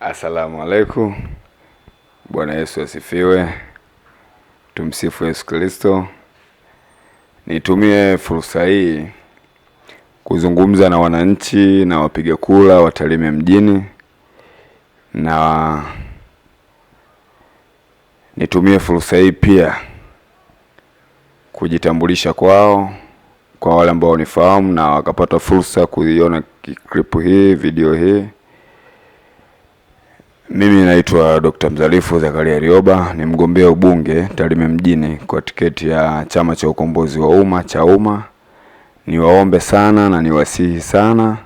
Asalamu alaikum. Bwana Yesu asifiwe. Tumsifu Yesu Kristo. Nitumie fursa hii kuzungumza na wananchi na wapiga kura wa Tarime mjini, na nitumie fursa hii pia kujitambulisha kwao, kwa wale ambao nifahamu na wakapata fursa kuiona clip hii, video hii. Mimi naitwa Dr. Mzalifu Zakaria Rioba, ni mgombea ubunge Tarime mjini kwa tiketi ya Chama cha Ukombozi wa Umma cha umma. Niwaombe sana na niwasihi sana,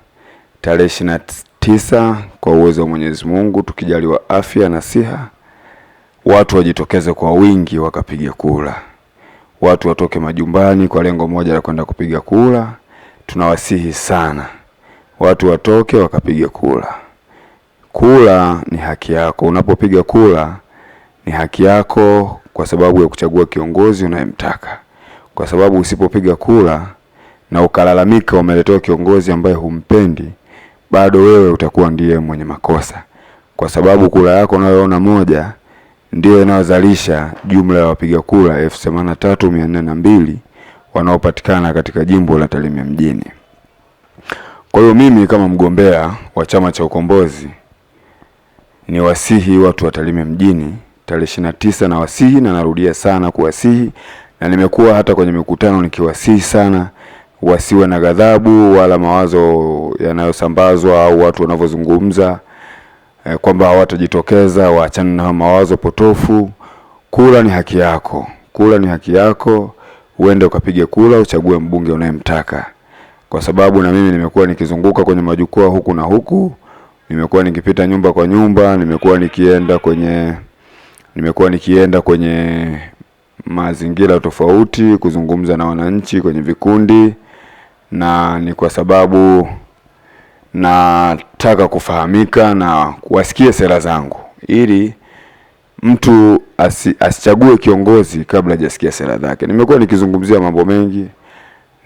tarehe ishirini na tisa kwa uwezo wa Mwenyezi Mungu, tukijaliwa afya na siha, watu wajitokeze kwa wingi wakapiga kura. Watu watoke majumbani kwa lengo moja la kwenda kupiga kura. Tunawasihi sana, watu watoke wakapiga kura. Kura ni haki yako. Unapopiga kula ni haki yako kwa sababu ya kuchagua kiongozi unayemtaka, kwa sababu usipopiga kura na ukalalamika umeletewa kiongozi ambaye humpendi, bado wewe utakuwa ndiye mwenye makosa, kwa sababu kula yako unayoona moja ndiyo inayozalisha jumla ya wapiga kura elfu themanini na tatu mia nne na mbili wanaopatikana katika jimbo la Tarime mjini. Kwa hiyo mimi kama mgombea wa Chama cha Ukombozi ni wasihi watu wa Tarime mjini tarehe ishirini na tisa na wasihi na narudia sana kuwasihi, na nimekuwa hata kwenye mikutano nikiwasihi sana wasiwe na ghadhabu wala mawazo yanayosambazwa au watu wanavyozungumza e, kwamba hawatajitokeza. Waachane na mawazo potofu. Kura ni haki yako, kura ni haki yako, uende ukapige kura, uchague mbunge unayemtaka, kwa sababu na mimi nimekuwa nikizunguka kwenye majukwaa huku na huku nimekuwa nikipita nyumba kwa nyumba, nimekuwa nikienda kwenye nimekuwa nikienda kwenye mazingira tofauti kuzungumza na wananchi kwenye vikundi, na ni kwa sababu nataka kufahamika na kuwasikia sera zangu, ili mtu asi, asichague kiongozi kabla hajasikia sera zake. Nimekuwa nikizungumzia mambo mengi.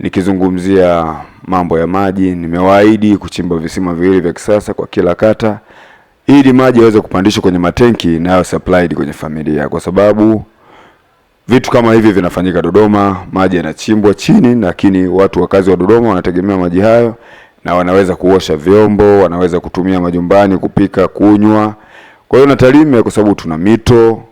Nikizungumzia mambo ya maji, nimewaahidi kuchimba visima viwili vya kisasa kwa kila kata ili maji yaweze kupandishwa kwenye matenki nayo supplied kwenye familia, kwa sababu vitu kama hivi vinafanyika Dodoma. Maji yanachimbwa chini, lakini watu wakazi wa Dodoma wanategemea maji hayo, na wanaweza kuosha vyombo, wanaweza kutumia majumbani, kupika, kunywa. Kwa hiyo Natalimya, kwa sababu tuna mito,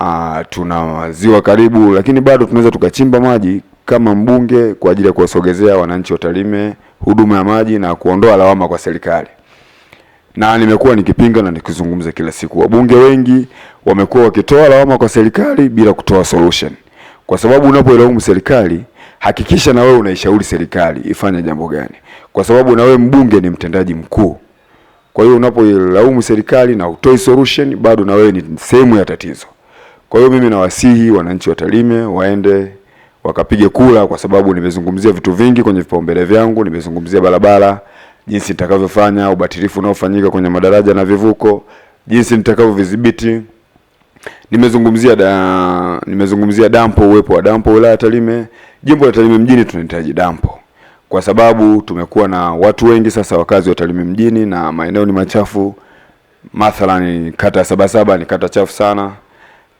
ah, tuna ziwa karibu, lakini bado tunaweza tukachimba maji kama mbunge kwa ajili ya kuwasogezea wananchi wa Tarime huduma ya maji na kuondoa lawama kwa serikali. Na nimekuwa nikipinga na nikizungumza kila siku, wabunge wengi wamekuwa wakitoa lawama kwa serikali bila kutoa solution, kwa sababu unapoilaumu serikali hakikisha na wewe unaishauri serikali ifanye jambo gani, kwa sababu na wewe mbunge ni mtendaji mkuu. Kwa hiyo unapoilaumu serikali na utoi solution, bado na wewe ni sehemu ya tatizo. Kwa hiyo mimi nawasihi wananchi wa Tarime waende wakapige kura, kwa sababu nimezungumzia vitu vingi kwenye vipaumbele vyangu. Nimezungumzia barabara, jinsi nitakavyofanya ubatilifu unaofanyika kwenye madaraja na vivuko, jinsi nitakavyovidhibiti. Nimezungumzia da, nimezungumzia dampo, uwepo wa dampo wilaya Tarime. Jimbo la Tarime mjini tunahitaji dampo kwa sababu tumekuwa na watu wengi sasa, wakazi wa Tarime mjini na maeneo ni machafu. Mathalani kata ya Sabasaba ni kata chafu sana.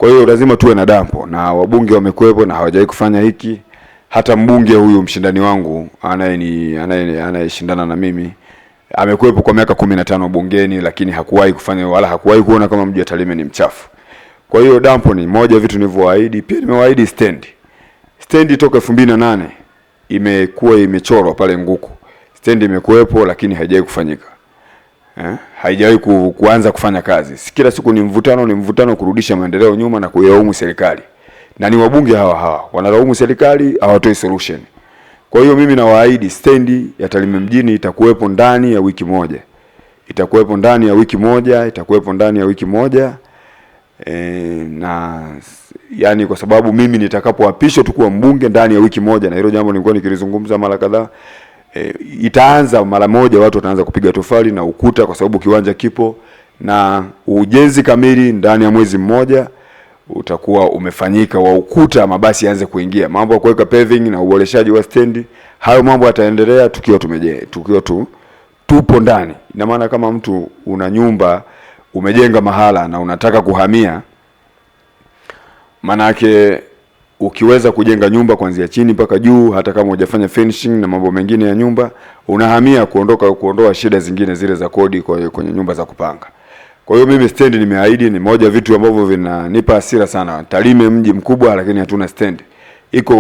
Kwa hiyo lazima tuwe na dampo, na wabunge wamekuwepo na hawajawahi kufanya hiki. Hata mbunge huyu mshindani wangu anayeshindana na mimi amekuwepo kwa miaka kumi na tano bungeni, lakini hakuwahi kufanya wala hakuwahi kuona kama mji wa Tarime ni mchafu. Kwa hiyo dampo ni moja vitu nilivyowaahidi. Pia nimewaahidi stendi. Stendi toka nane imekuwa imechorwa pale Nguku, stendi imekuwepo lakini haijawahi kufanyika eh, haijawahi ku, kuanza kufanya kazi. kila siku ni mvutano, ni mvutano kurudisha maendeleo nyuma na kuilaumu serikali, na ni wabunge hawa hawa wanalaumu serikali, hawatoi solution. Kwa hiyo mimi nawaahidi stendi ya Tarime mjini itakuwepo ndani ya wiki moja, itakuwepo ndani ya wiki moja, itakuwepo ndani ya wiki moja e, na yani, kwa sababu mimi nitakapoapishwa tu kuwa mbunge ndani ya wiki moja, na hilo jambo nilikuwa nikilizungumza mara kadhaa e, itaanza mara moja, watu wataanza kupiga tofali na ukuta, kwa sababu kiwanja kipo na ujenzi kamili ndani ya mwezi mmoja utakuwa umefanyika wa ukuta, mabasi yaanze kuingia. Mambo ya kuweka paving na uboreshaji wa stendi, hayo mambo yataendelea tukiwa tumeje, tukiwa tu tupo ndani. Ina maana kama mtu una nyumba umejenga mahala na unataka kuhamia, manake ukiweza kujenga nyumba kuanzia chini mpaka juu, hata kama hujafanya finishing na mambo mengine ya nyumba, unahamia kuondoka kuondoa shida zingine zile za kodi kwenye nyumba za kupanga. Kwa hiyo mimi stendi nimeahidi, ni moja vitu ambavyo vinanipa hasira sana. Tarime mji mkubwa, lakini hatuna stendi. Iko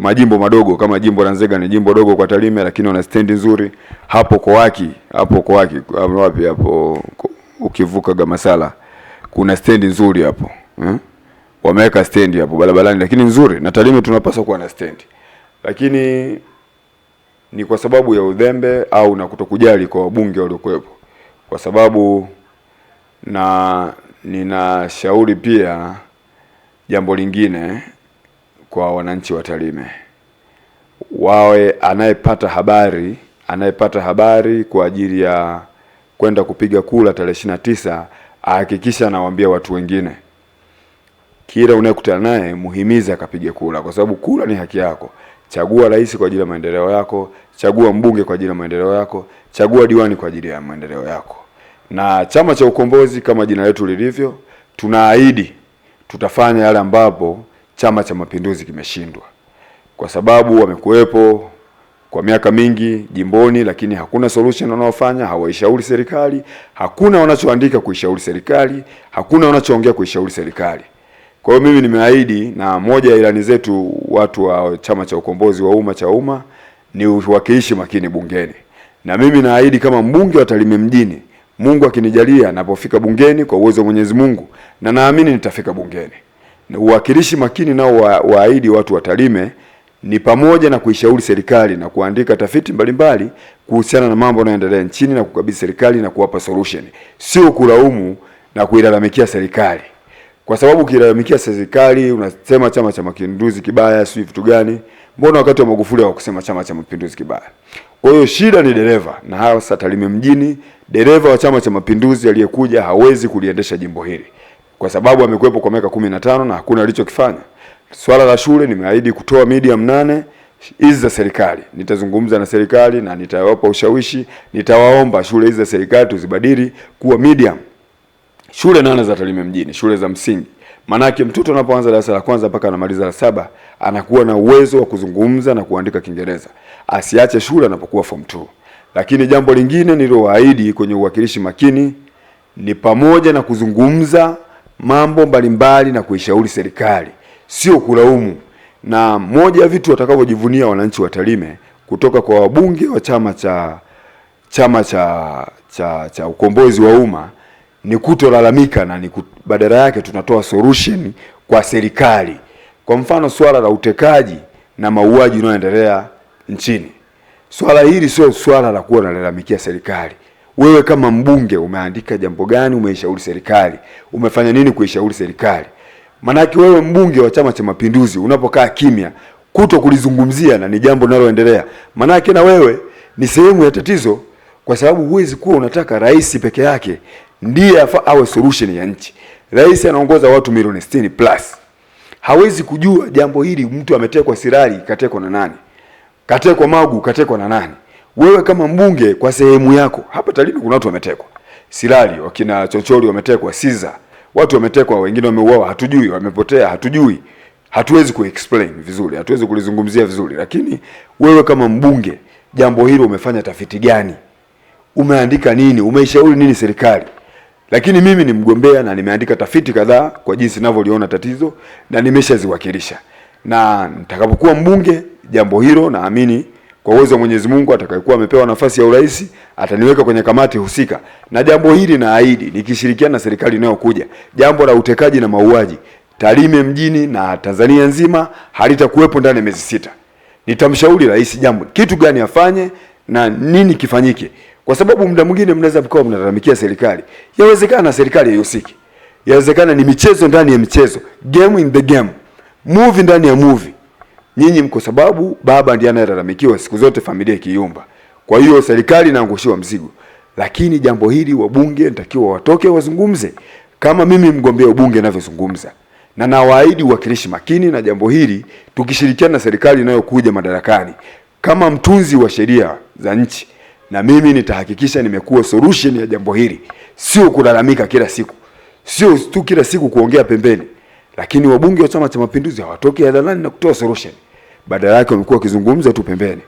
majimbo madogo kama jimbo la Nzega ni jimbo dogo kwa Tarime, lakini wana stendi nzuri hapo Kowaki, hapo Kowaki, wapi hapo, ukivuka Gamasala kuna stendi nzuri hapo hmm? wameweka stendi hapo barabarani, lakini nzuri na Tarime tunapaswa kuwa na stendi, lakini ni kwa sababu ya udhembe au na kutokujali kwa wabunge waliokuwepo, kwa sababu na ninashauri pia jambo lingine kwa wananchi wa Tarime, wawe anayepata habari anayepata habari kwa ajili ya kwenda kupiga kura tarehe ishirini na tisa ahakikisha anawaambia watu wengine kila unayekutana naye muhimize akapige kura, kwa sababu kura ni haki yako. Chagua rais kwa ajili ya maendeleo yako, chagua mbunge kwa ajili ya maendeleo yako, chagua diwani kwa ajili ya maendeleo yako. Na Chama cha Ukombozi kama jina letu lilivyo, tunaahidi tutafanya yale ambapo Chama cha Mapinduzi kimeshindwa, kwa sababu wamekuwepo kwa miaka mingi jimboni, lakini hakuna solution wanaofanya. Hawaishauri serikali, hakuna wanachoandika kuishauri serikali, hakuna wanachoongea kuishauri serikali. Kwa hiyo mimi nimeahidi, na moja ya ilani zetu watu wa Chama cha Ukombozi wa Umma cha umma ni uwakilishi makini bungeni, na mimi naahidi kama mbunge wa Tarime mjini, Mungu akinijalia, napofika bungeni kwa uwezo wa Mwenyezi Mungu, na naamini nitafika bungeni, na uwakilishi makini nao waahidi watu wa Tarime ni pamoja na kuishauri serikali na kuandika tafiti mbalimbali kuhusiana na mambo yanayoendelea nchini na kukabidhi serikali na kuwapa solution, sio kulaumu na kuilalamikia serikali kwa sababu ukilalamikia serikali unasema Chama cha Mapinduzi kibaya, sio vitu gani? Mbona wakati wa Magufuli hawakusema Chama cha Mapinduzi kibaya? Kwa hiyo shida ni dereva, na hasa Tarime mjini, dereva wa Chama cha Mapinduzi aliyekuja hawezi kuliendesha jimbo hili kwa sababu amekuwepo kwa miaka kumi na tano na hakuna alichokifanya. Swala la shule nimeahidi kutoa medium nane hizi za serikali. Nitazungumza na serikali na nitawapa ushawishi, nitawaomba shule hizi za serikali tuzibadili kuwa medium shule nane za Tarime mjini, shule za msingi. Maanake mtoto anapoanza darasa la kwanza mpaka anamaliza la saba anakuwa na uwezo wa kuzungumza na kuandika Kiingereza, asiache shule anapokuwa form 2. Lakini jambo lingine nililowaahidi kwenye uwakilishi makini ni pamoja na kuzungumza mambo mbalimbali na kuishauri serikali, sio kulaumu. Na moja ya vitu watakavyojivunia wananchi wa Tarime kutoka kwa wabunge wa chama cha chama cha cha, cha ukombozi wa umma ni kutolalamika na ni badala yake tunatoa solution kwa serikali. Kwa mfano swala la utekaji na mauaji unayoendelea nchini, swala hili sio swala la kuwa nalalamikia serikali. Wewe kama mbunge umeandika jambo gani? Umeishauri serikali? Umefanya nini kuishauri serikali? Maanake wewe mbunge wa Chama cha Mapinduzi unapokaa kimya kuto kulizungumzia na ni jambo linaloendelea, maanake na wewe ni sehemu ya tatizo kwa sababu huwezi kuwa unataka rais peke yake ndiye awe solution ya nchi. Rais anaongoza watu milioni 60 plus, hawezi kujua jambo hili. Mtu ametekwa Sirari, katekwa na nani? Katekwa Magu, katekwa na nani? Wewe kama mbunge kwa sehemu yako hapa Tarime, kuna watu wametekwa Sirari, wakina Chochori wametekwa, Siza watu wametekwa, wengine wameuawa, hatujui wamepotea, hatujui hatuwezi kuexplain vizuri, hatuwezi kulizungumzia vizuri, lakini wewe kama mbunge, jambo hilo umefanya tafiti gani? umeandika nini, umeishauri nini serikali? Lakini mimi ni mgombea na nimeandika tafiti kadhaa kwa jinsi ninavyoliona tatizo na nimeshaziwakilisha, na nitakapokuwa mbunge, jambo hilo naamini kwa uwezo wa Mwenyezi Mungu, atakayekuwa amepewa nafasi ya urais ataniweka kwenye kamati husika na jambo hili, naahidi nikishirikiana na serikali inayokuja, jambo la utekaji na mauaji Tarime mjini na Tanzania nzima halitakuwepo ndani ya miezi sita. Nitamshauri rais jambo kitu gani afanye na nini kifanyike kwa sababu muda mwingine mnaweza mkawa mnalalamikia serikali. Yawezekana serikali haihusiki, yawezekana ni michezo ndani ya michezo, game in the game, movie ndani ya movie. Nyinyi mko sababu baba ndiye analalamikiwa siku zote, familia ikiumba. Kwa hiyo serikali inaangushiwa mzigo, lakini jambo hili wabunge natakiwa watoke wazungumze, kama mimi mgombea ubunge ninavyozungumza na nawaahidi uwakilishi makini na jambo hili, tukishirikiana na serikali inayokuja madarakani kama mtunzi wa sheria za nchi na mimi nitahakikisha nimekuwa solution ya jambo hili, sio kulalamika kila siku, sio tu kila siku kuongea pembeni. Lakini wabunge wa Chama cha Mapinduzi hawatoki hadharani na kutoa solution, badala yake wamekuwa wakizungumza tu pembeni,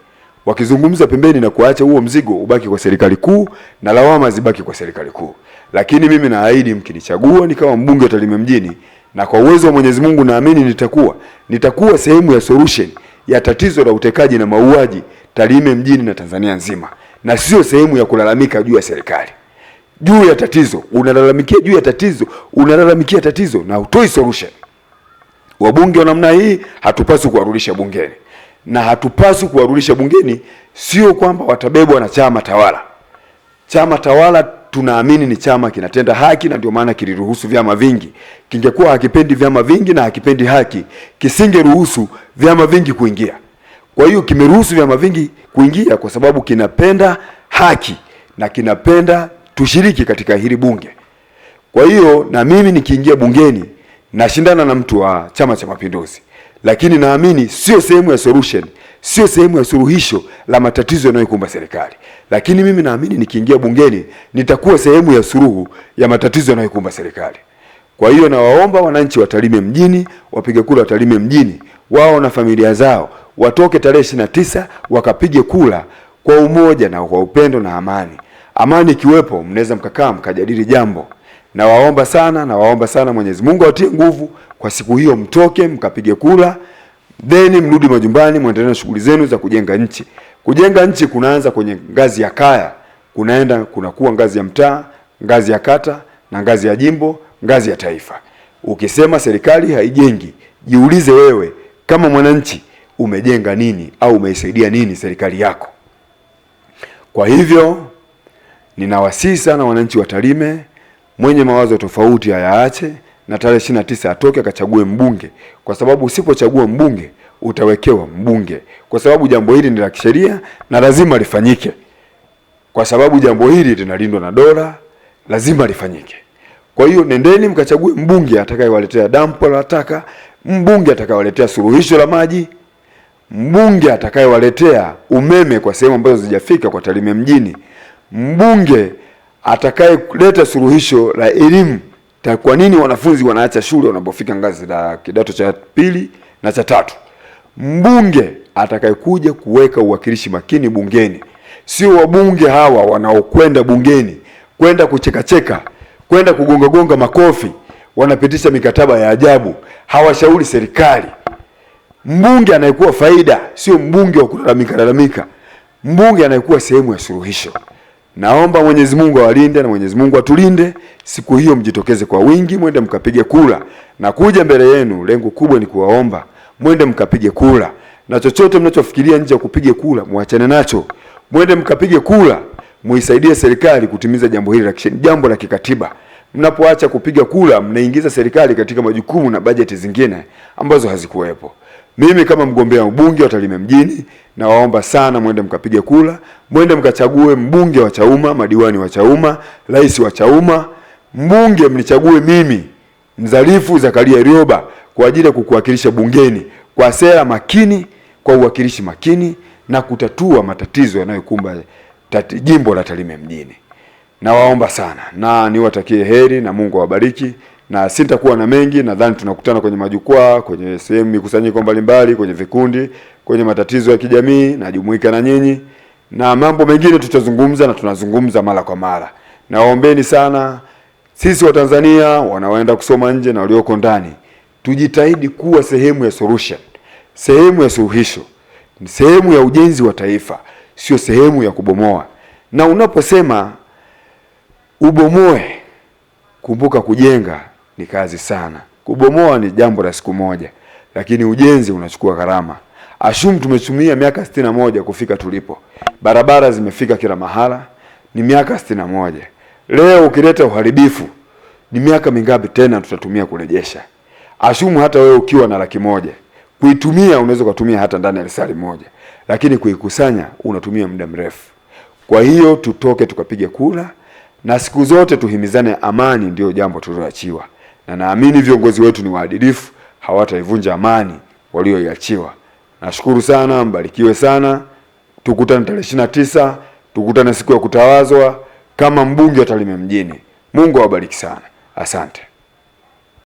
wakizungumza pembeni na kuacha huo mzigo ubaki kwa serikali kuu na lawama zibaki kwa serikali kuu. Lakini mimi naahidi mkinichagua nikawa mbunge wa Tarime mjini, na kwa uwezo wa Mwenyezi Mungu naamini nitakuwa nitakuwa sehemu ya solution ya tatizo la utekaji na mauaji Tarime mjini na Tanzania nzima na sio sehemu ya kulalamika juu ya serikali, juu ya tatizo. Unalalamikia juu ya tatizo, unalalamikia tatizo na utoi solution. Wabunge wa namna hii hatupaswi kuwarudisha bungeni, na hatupaswi kuwarudisha bungeni, sio kwamba watabebwa na chama tawala. Chama tawala tunaamini ni chama kinatenda haki, na ndio maana kiliruhusu vyama vingi. Kingekuwa hakipendi vyama vingi na hakipendi haki, kisingeruhusu vyama vingi kuingia. Kwa hiyo kimeruhusu vyama vingi kuingia kwa sababu kinapenda haki na kinapenda tushiriki katika hili bunge. Kwa hiyo na mimi nikiingia bungeni nashindana na mtu wa Chama cha Mapinduzi, lakini naamini sio sehemu ya solution, sio sehemu ya suluhisho la matatizo yanayokumba serikali. Lakini mimi naamini nikiingia bungeni nitakuwa sehemu ya suluhu ya matatizo yanayokumba serikali. Kwa hiyo nawaomba wananchi watalime mjini, wapiga kura watalime mjini, wao na familia zao watoke tarehe ishirini na tisa wakapige kula kwa umoja na kwa upendo na amani. Amani ikiwepo, mnaweza mkakaa mkajadili jambo. Nawaomba sana, nawaomba sana, Mwenyezi Mungu awatie nguvu kwa siku hiyo, mtoke mkapige kula, then mrudi majumbani, muendelee na shughuli zenu za kujenga nchi. Kujenga nchi kunaanza kwenye ngazi ya kaya, kunaenda kunakuwa ngazi ya mtaa, ngazi ya kata na ngazi ya jimbo, ngazi ya taifa. Ukisema serikali haijengi, jiulize wewe kama mwananchi umejenga nini au umeisaidia nini serikali yako. Kwa hivyo ninawasihi sana wananchi Tarime, mwenye mawazo tofauti hayaache, na tarehe ishirini na tisa atoke akachague mbunge, kwa sababu usipochagua mbunge utawekewa mbunge, kwa sababu jambo hili ni la kisheria na lazima lifanyike, kwa sababu jambo hili linalindwa na dola, lazima lifanyike. Kwa hiyo nendeni mkachague mbunge atakayewaletea dampo la taka, mbunge atakayewaletea suluhisho la maji mbunge atakayewaletea umeme kwa sehemu ambazo zijafika kwa Tarime mjini, mbunge atakayeleta suluhisho la elimu. Kwa nini wanafunzi wanaacha shule wanapofika ngazi la kidato cha pili na cha tatu? Mbunge atakayekuja kuweka uwakilishi makini bungeni, sio wabunge hawa wanaokwenda bungeni kwenda kuchekacheka, kwenda kugongagonga makofi, wanapitisha mikataba ya ajabu, hawashauri serikali. Mbunge anayekuwa faida, sio mbunge wa kulalamika lalamika, mbunge anayekuwa sehemu ya suluhisho. Naomba Mwenyezi Mungu awalinde na Mwenyezi Mungu atulinde. Siku hiyo mjitokeze kwa wingi, mwende mkapige kura na kuja mbele yenu. Lengo kubwa ni kuwaomba mwende mkapige kura, na chochote mnachofikiria nje ya kupiga kura muachane nacho, mwende mkapige kura, muisaidie serikali kutimiza jambo hili la jambo la kikatiba. Mnapoacha kupiga kura, mnaingiza serikali katika majukumu na bajeti zingine ambazo hazikuwepo. Mimi kama mgombea ubunge wa Tarime mjini nawaomba sana mwende mkapige kula, mwende mkachague mbunge wa Chauma, madiwani wa Chauma, rais wa Chauma, mbunge mnichague mimi Mzarifu Zakaria Rioba kwa ajili ya kukuwakilisha bungeni kwa sera makini, kwa uwakilishi makini na kutatua matatizo yanayokumba jimbo la Tarime mjini. Nawaomba sana na niwatakie heri na Mungu awabariki na sitakuwa na mengi. Nadhani tunakutana kwenye majukwaa, kwenye sehemu mikusanyiko mbalimbali, kwenye vikundi, kwenye matatizo ya kijamii, najumuika na nyinyi na mambo mengine tutazungumza, na tunazungumza mara kwa mara. Nawaombeni sana sisi Watanzania wanaoenda kusoma nje na walioko ndani, tujitahidi kuwa sehemu ya solution, sehemu ya suluhisho, sehemu ya ujenzi wa taifa, sio sehemu ya kubomoa. Na unaposema ubomoe, kumbuka kujenga ni kazi sana. Kubomoa ni jambo la siku moja, lakini ujenzi unachukua gharama. Ashum tumetumia miaka sitini na moja kufika tulipo. Barabara zimefika kila mahala, ni miaka sitini na moja. Leo ukileta uharibifu, ni miaka mingapi tena tutatumia kurejesha? Ashumu hata wewe ukiwa na laki moja kuitumia unaweza ukatumia hata ndani ya risali moja, lakini kuikusanya unatumia muda mrefu. Kwa hiyo tutoke tukapige kura, na siku zote tuhimizane, amani ndiyo jambo tulioachiwa na naamini viongozi wetu ni waadilifu, hawataivunja amani walioiachiwa. Nashukuru sana, mbarikiwe sana. Tukutane tarehe ishirini na tisa, tukutane siku ya kutawazwa kama mbunge wa Tarime mjini. Mungu awabariki sana, asante.